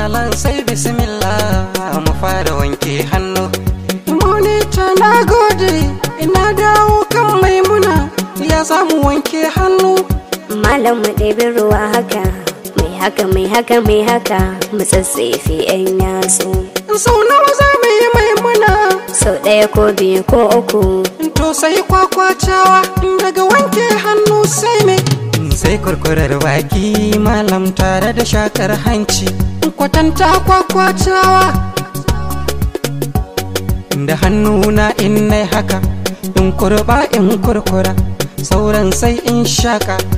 iyalan sai bismillah mu fara wanke hannu monita na gode ina dawo kan maimuna ya samu wanke hannu malam mu ɗebi ruwa haka mai haka mai haka mai haka mu tsatsefe yan yatsu sau nawa za mu yi maimuna sau ɗaya ko biyu ko uku to sai kwakwacewa daga wanke hannu sai mai sai kurkurar baki malam tare da shakar hanci kwatanta kwakwatawa da hannuna in nai haka in kurba in kurkura sauran sai in shaka